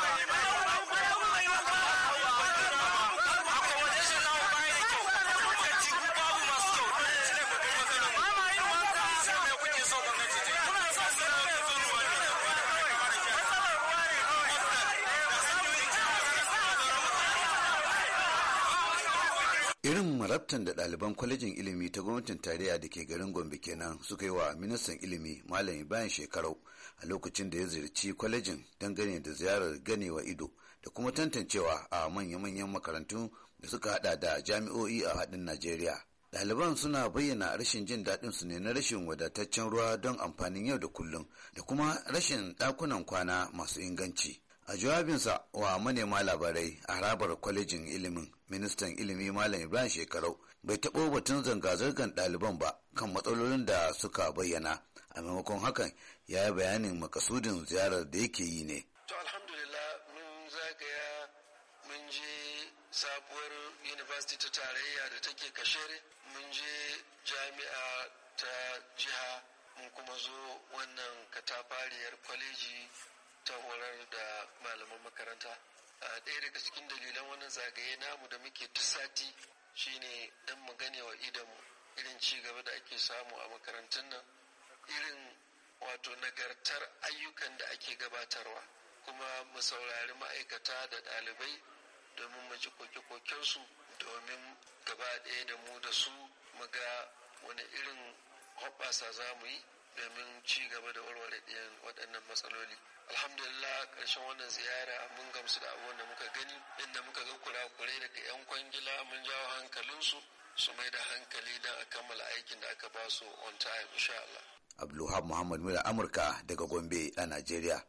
Amen. irin marabtan da ɗaliban kwalejin ilimi ta gwamnatin tarayya da ke garin gombe kenan suka yi wa ministan ilimi malami bayan shekarau a lokacin da ya ziyarci kwalejin dangane da ziyarar ganewa ido da kuma tantancewa a manya-manyan makarantu da suka hada da jami'o'i a haɗin najeriya ɗaliban suna bayyana rashin jin daɗin su ne na rashin wadataccen ruwa don amfanin yau da kullum da kuma rashin ɗakunan kwana masu inganci a jawabinsa wa manema labarai a harabar kwalejin ilimin ministan ilimi malam ibrahim shekarau bai taɓo batun zanga-zangar ɗaliban ba kan matsalolin da suka bayyana a maimakon hakan ya yi bayanin makasudin ziyarar da yake yi ne to alhamdulillah mun zagaya mun je sabuwar university ta tarayya da take kashere mun je jami'a ta jiha mun kuma zo wannan katafariyar kwaleji ta tare da malaman makaranta ɗaya daga cikin dalilan wannan zagaye namu da muke duk sati shine don mu gane wa idanmu irin ci gaba da ake samu a makarantun nan irin wato nagartar ayyukan da ake gabatarwa kuma mu saurari ma'aikata da ɗalibai domin mu ji koke-kokensu domin gaba ɗaya da mu da su mu ga wani irin hoɓɓasa za mu yi domin ci gaba da warware ɗiyan waɗannan matsaloli alhamdulillah ƙarshen wannan ziyara mun gamsu da abubuwan da muka gani inda muka ga kurai daga 'yan kwangila mun jawo hankalinsu su mai da hankali don a kammala aikin da aka ba su on time insha Allah. Abdulhab Muhammad Mura Amurka daga Gombe a Najeriya.